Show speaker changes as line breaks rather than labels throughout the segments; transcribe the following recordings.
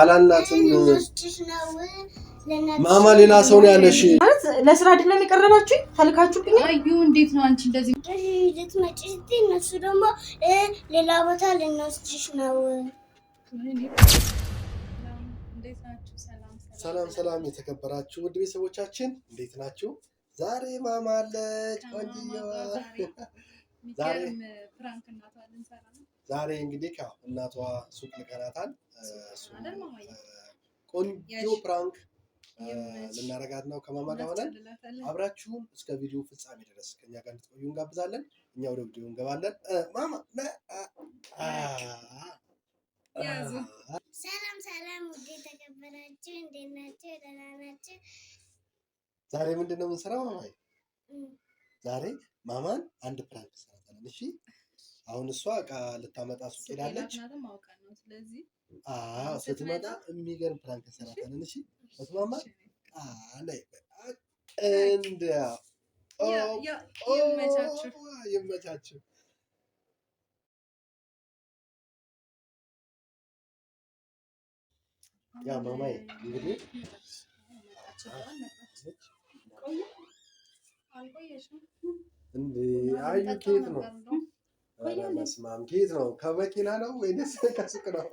አላልናትም። ማማ ሌላ ሰው ነው ያለሽ።
ማለት ለስራ አይደል የቀረባችሁኝ? ተልካችሁብኝ። አዩ እንዴት ነው አንቺ እንደዚህ
ልትመጪ ስትይ እነሱ ደግሞ ሌላ ቦታ ልንወስድሽ ነው።
ሰላም ሰላም፣ የተከበራችሁ ውድ ቤተሰቦቻችን እንዴት ናችሁ? ዛሬ ማማ አለች ቆንጅዬዋ ዛሬ ዛሬ እንግዲህ ያው እናቷ ሱቅ ልከናታል። ቆንጆ ፕራንክ ልናረጋት ነው ከማማ ጋር ሆነን። አብራችሁም እስከ ቪዲዮ ፍጻሜ ድረስ ከኛ ጋር እንድትቆዩ እንጋብዛለን። እኛ ወደ ቪዲዮ እንገባለን። ማማ
ሰላም ሰላም፣ ውድ የተከበራችሁ እንዴት ናችሁ?
ደህና ናችሁ? ዛሬ ምንድን ነው የምንሰራው ማማ ዛሬ ማማን አንድ ፕራንክ ሰራታለን። እሺ አሁን እሷ እቃ ልታመጣ ሱቅ ሄዳለች። ስትመጣ የሚገርም ፕራንክ እንሰራታለን። እሺ መስማማ ላይ እንደ ይመቻችሁ። ያ ማማዬ እንግዲህ እንደ አዩ ኬት ነው መስማም ጌት ነው። ከመኪና ነው ወይስ ከሱቅ ነው?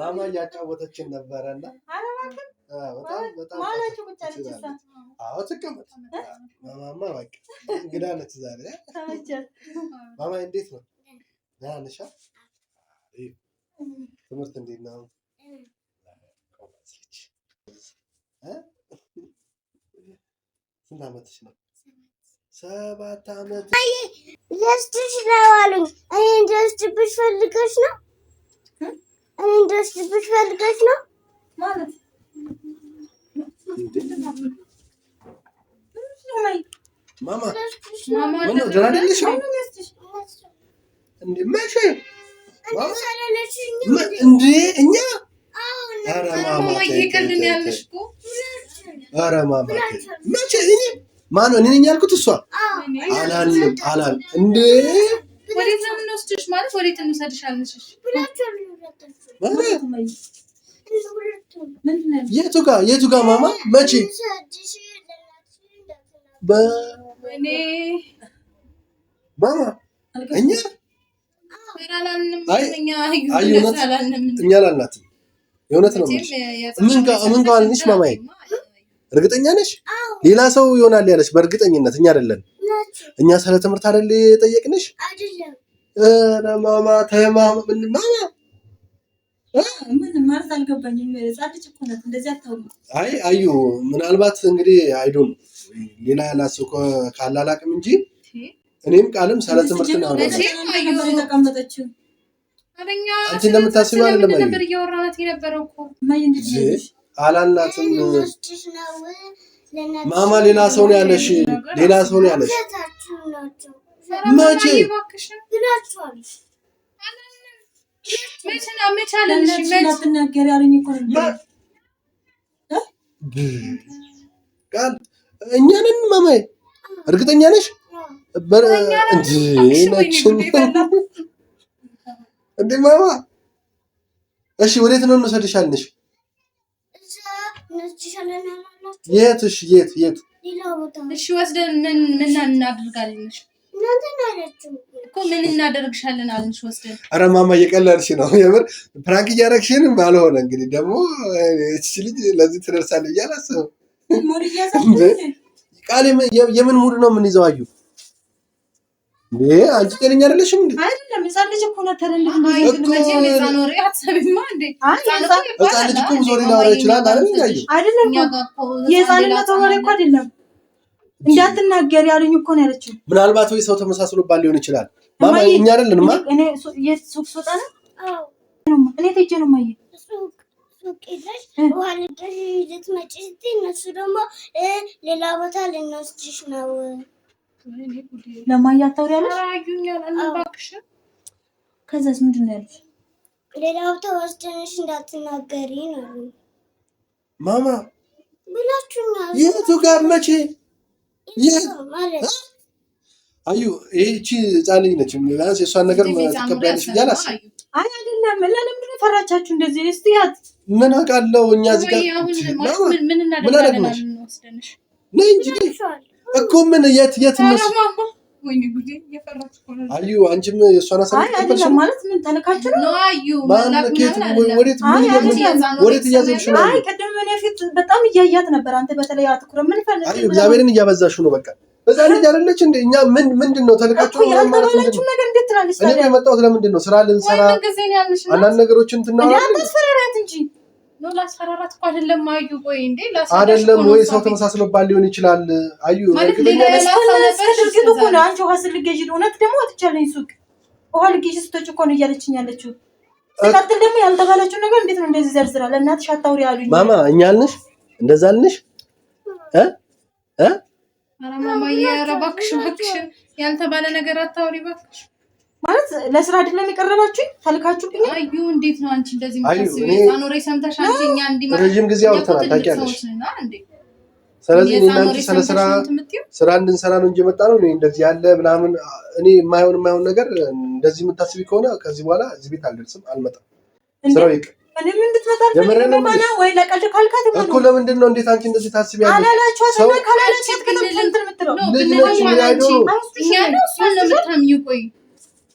ማማ እያጫወተችን ነበረ እና አዎ ትቀመጥ ማማማ እንግዳ ነች ዛሬ። ማማ እንዴት ነው? ደህና ትምህርት እንዴት ነው? ስንት ዓመትሽ ነው? ሰባት ዓመት
ልወስድሽ ነው አሉኝ። እኔ እንደወስድብሽ ፈልገሽ ነው? እኔ እንደወስድብሽ ፈልገሽ ነው? ማማ
ማማ ማን ነው? እኔ ነኝ ያልኩት። እሷ አላልም አላል እንዴ ወዴት ነው የቱ ጋ የቱ ጋ ማማ መቼ ማማ እኛ እኛ ላልናት የእውነት ነው ምን ጋ አልንሽ ማማዬ እርግጠኛ ነሽ? ሌላ ሰው ይሆናል ያለሽ በእርግጠኝነት እኛ አይደለን። እኛ ስለ ትምህርት አይደል የጠየቅንሽ? ማማ ተይ ምን ማማ አይ አዩ ምናልባት እንግዲህ አይዶን ሌላ ያላሰው ካላላቅም እንጂ እኔም ቃልም ስለ ትምህርት ነው አንቺ እንደምታስቢው
አይደለም እኮ
አላልናትም። ማማ ሌላ ሰው ነው ያለሽ፣ ሌላ ሰው ነው ያለሽ። መቼ እኛንን ማማዬ፣ እርግጠኛ ነሽ? እንዴ ማማ፣ እሺ፣ ወዴት ነው እንወሰድሻለሽ? የት? እሺ፣ የት የት?
እሺ፣ ወስደን ምን ምን እናደርጋለን? እኮ ምን እናደርግሻለን አልንሽ ወስደን።
ኧረ ማማ እየቀለድሽ ነው። የምር ፕራንክ እያደረግሽን ባልሆነ እንግዲህ ደግሞ እቺ ልጅ ለዚህ ትደርሳለች ብዬ አላሰብም። ቃል የምን ሙድ ነው የምንይዘው? አዩ እንዴ አንቺ ጤነኛ አይደለሽም እንዴ?
ህፃን ልጅ እኮ ናት። ተረንድ ህፃን አይደለም የህፃንነት ወሬ እኮ አይደለም። እንዳትናገር ያሉኝ እኮ ነው ያለችው።
ምናልባት ወይ ሰው ተመሳስሎባት ሊሆን ይችላል። ማማ እኛ ነው
እኔ ተጀ ነው ማየ
ሌላ ቦታ ልንወስድሽ ነው
ለማያታወሪያለሽ ከዛስ ምንድን ነው ያሉት?
ሌላ ቦታ ወስደንሽ እንዳትናገሪ ነው ማማ ብላችሁኛል።
የቱ ጋር መቼ? አዩ ይቺ ህፃን ነች። ቢያንስ የእሷን ነገር ትቀበያለሽ
ብያለሁ። አይ አይደለም፣ ለምንድን ነው ፈራቻችሁ እንደዚህ? እስኪ ያት
ምን አውቃለሁ እኛ እዚህ
ጋር ምን አደረግነሽ?
ነይ እንጂ እኮ ምን የት የት እነሱ አዩ አንቺም የእሷን
አሳልፈሽ ማለት ምን ተነካችሁ ነው? እያዘብሽ ነው? አይ ቅድም እኔ ፊት በጣም እያያት ነበር። አንተ በተለይ አትኩረ ምን
ፈልግ እግዚአብሔርን ነው። በቃ በዛ ልጅ አይደለች እንደ እኛ ምን ምንድን ነው
ተልካችሁ ነው ማለት ነው።
እኔ የመጣሁት ለምንድን ነው ስራ ልንሰራ አንዳንድ ነገሮችን
ትናወራ እንጂ ነው ለአስፈራራት እኮ አይደለም። አዩ ቆይ እንዴ
አይደለም ወይ ሰው ተመሳስሎባት ሊሆን ይችላል። አዩ ድርጊቱ
እኮ ነው። አንቺ ውሃ ስልገዥ እውነት ደግሞ ወጥቻለኝ ሱቅ ውሃ ልገዥ ስቶች እኮ ነው እያለችኝ ያለችው። ሲቀጥል ደግሞ ያልተባለችው ነገር እንዴት ነው እንደዚህ ዘርዝራ ለእናትሽ አታውሪ አሉኝ።
ማማ እኛ አልንሽ እንደዛ አልንሽ እ እ
ኧረ ማማዬ ኧረ እባክሽ እባክሽን ያልተባለ ነገር አታውሪ እባክሽ ማለት ለስራ አይደለም የሚቀረባችሁኝ ተልካችሁብኝ። አዩ እንዴት ነው አንቺ እንደዚህ የምታስቢው? ሰምተሽ አንቺኛ እንዲህ
ረዥም ጊዜ አውርተናል ታውቂያለሽ። ስለዚህ እኔ እናንተ ስለ ስራ ስራ እንድንሰራ ነው እንጂ የመጣ ነው እንደዚህ ያለ ምናምን እኔ የማይሆን የማይሆን ነገር እንደዚህ የምታስቢ ከሆነ ከዚህ በኋላ እዚህ ቤት አልደርስም፣ አልመጣም። ስራው ይቅር ለምንድን ነው እንዴት አንቺ እንደዚህ ታስቢያለሽ?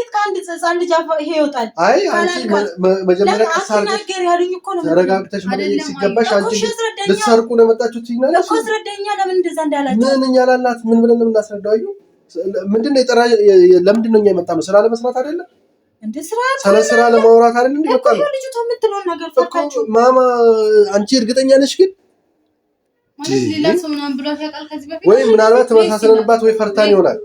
እንዴት ከአንድ ህፃን ልጅ ይሄ ይወጣል? አይ መጀመሪያ
ተረጋግተሽ መጠየቅ ሲገባሽ አንቺ ልትሰርቁ ነው የመጣችሁት ትይኛለሽ
እኮ አስረዳኛ። ለምን እንደዛ እንዳላችሁ
ምን እኛ ላላት ምን ብለን ነው የምናስረዳው? ምንድን ነው የጠራ? ለምንድን ነው እኛ የመጣ ነው? ስራ ለመስራት አይደለም ስለ ስራ ለማውራት አይደለም።
ልጅቷ የምትለውን ነገር
ማማ። አንቺ እርግጠኛ ነሽ ግን ወይ ምናልባት ተመሳሰለንባት ወይ ፈርታን ይሆናል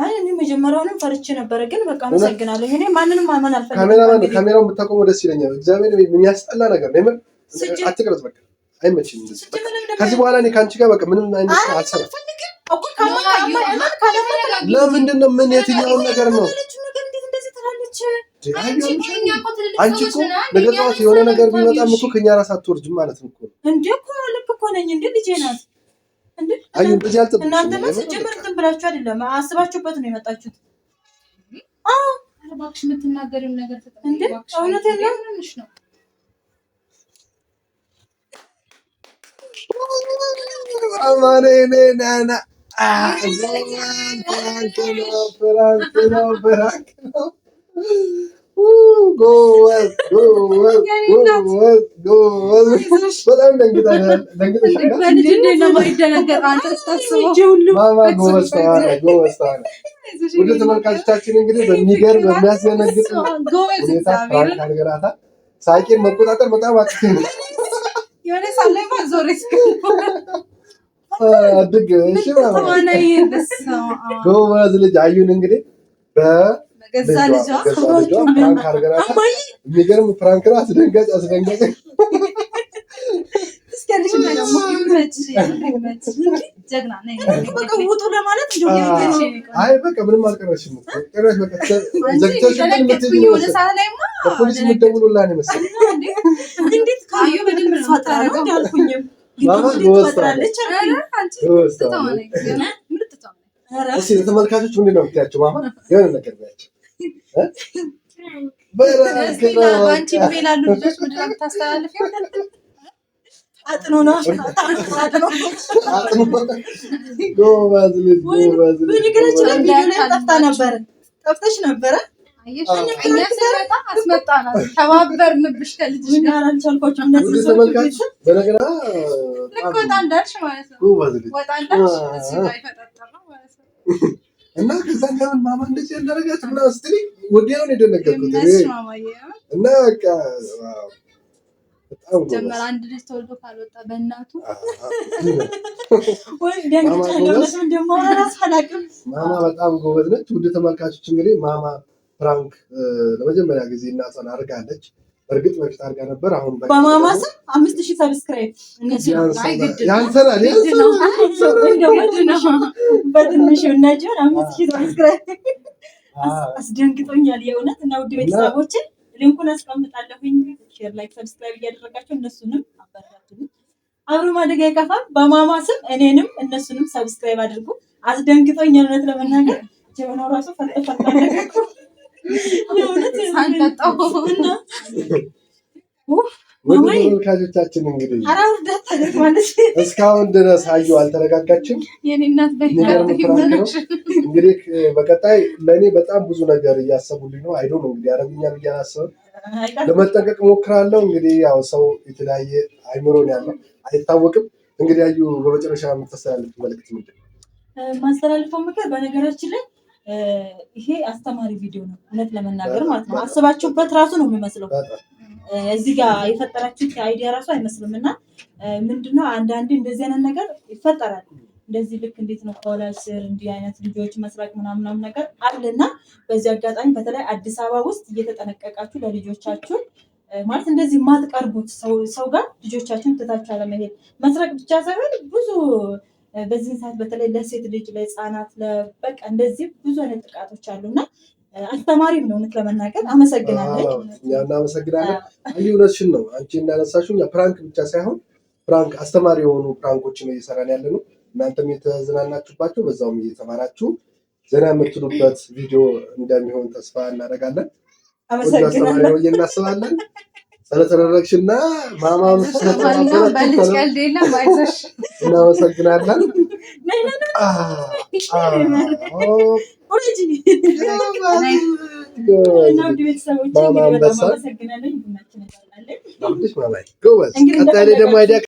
አይ እኔ መጀመሪያውንም ፈርቼ ነበረ፣ ግን በቃ አመሰግናለሁ። እኔ ማንንም ማመን
አልፈልግም። ካሜራውን ብታቆመው ደስ ይለኛል። እግዚአብሔር ምን ያስጠላ ነገር ነው። አትቅረጽ፣ በቃ አይመችም። ከዚህ በኋላ እኔ ከአንቺ ጋር በቃ ምንም አይነት አልሰራም። ለምንድን ነው ምን የትኛውን ነገር ነው አንቺ እኮ ነገ ጠዋት የሆነ ነገር ቢመጣም እኮ ከኛ ራስ አትወርጅም ማለት ነው እኮ
እንዴ እኮ ልክ እኮ ነኝ እንዴ ልጄ ናት እናንተ ምን ስጀምር እንትን ብላችሁ አይደለም አስባችሁበት ነው የመጣችሁት። እባክሽ የምትናገሪውን ነገር እውነቴን ነው።
ፍራንክ ነው ፍራንክ ነው ጎበዝ ጎበዝ ጎበዝ ጎበዝ። በጣም ወደ ተመልካቾቻችን እንግዲህ በሚገርም በሚያስደነግጥ ሁኔታ ፕራንክ አድርገናታል። ሳቄን መቆጣጠር በጣም አቅቶኝ ነው። ጎበዝ ልጅ አዩን እንግዲህ ገዛ ልጇ ፕራንክ አድርገናታል። የሚገርም ፕራንክ ነው። አስደንጋጭ አስደንጋጭ እስኪ ለተመልካቾች ምንድን ነው የምትያቸው? ማማ የሆነ ነገር ያቸው
ጠፍተሽ ነበረ። ወጣ እንዳልሽ ማለት ነው
እና ከዛ ለምን ማማ እንደዚህ ያደረጋት እና ስትልኝ ወዲያውን የደነገጥኩት እና በቃ ጀመር
አንድ ልጅ ተወልዶ ካልወጣ በእናቱ
ማማ በጣም ጎበዝ ነች። ውድ ተመልካቾች እንግዲህ ማማ ፕራንክ ለመጀመሪያ ጊዜ እናቷን አድርጋለች። እርግጥ በፊት አድርጋ ነበር። አሁን
በማማሰ አስደንግጦኛል የእውነት እና ውድ ቤተሰቦችን ሊንኩን አስቀምጣለሁኝ። ሼር፣ ላይክ፣ ሰብስክራይብ እያደረጋቸው እነሱንም አበረታቱኝ። አብሮ ማደግ አይከፋም። በማማ ስም እኔንም እነሱንም ሰብስክራይብ አድርጉ። አስደንግጦኛል እውነት ለመናገር ጀበናው ራሱ ፈጠፈጣ ነገር
ተመልካቾቻችን እንግዲህ እስካሁን ድረስ አዩ አልተረጋጋችም። እንግዲህ በቀጣይ ለእኔ በጣም ብዙ ነገር እያሰቡልኝ ነው። አይዶ ነው እንግዲህ ብዬ ለመጠንቀቅ ሞክራለሁ። እንግዲህ ያው ሰው የተለያየ ያለው፣ አይታወቅም። እንግዲህ አዩ በመጨረሻ የምታስተላልፍ መልዕክት
ምንድን ነው? ማስተላልፈው ምክር በነገራችን ላይ ይሄ አስተማሪ ቪዲዮ ነው፣ እውነት ለመናገር ማለት ነው። አስባችሁበት ራሱ ነው የሚመስለው። እዚህ ጋር የፈጠራችሁት አይዲያ ራሱ አይመስልም። እና ምንድነው አንዳንዴ እንደዚህ አይነት ነገር ይፈጠራል። እንደዚህ ልክ እንዴት ነው ከወላጅ ስር እንዲህ አይነት ልጆች መስራቅ ምናምናም ነገር እና በዚህ አጋጣሚ በተለይ አዲስ አበባ ውስጥ እየተጠነቀቃችሁ ለልጆቻችሁን ማለት እንደዚህ የማትቀርቡት ሰው ጋር ልጆቻችን ትታችሁ አለመሄድ መስረቅ ብቻ ሳይሆን ብዙ በዚህ ሰዓት በተለይ ለሴት ልጅ ለህፃናት፣ በቃ እንደዚህ ብዙ አይነት ጥቃቶች አሉ እና አስተማሪም ነው። እውነት ለመናገር አመሰግናለች። እናመሰግናለን። ይህ እውነትሽን ነው። አንቺ እንዳነሳሽው ፕራንክ ብቻ ሳይሆን ፕራንክ አስተማሪ የሆኑ ፕራንኮችን ነው እየሰራን ያለ ነው። እናንተም የተዝናናችሁባቸው በዛውም እየተማራችሁ ዘና የምትሉበት ቪዲዮ እንደሚሆን ተስፋ እናደርጋለን። አመሰግናለሁ እናስባለን። ስለተደረግሽና ማማ እናመሰግናለን። ማማ አንበሳ ጎበዝ። ቀጣይ ደግሞ አይዲያ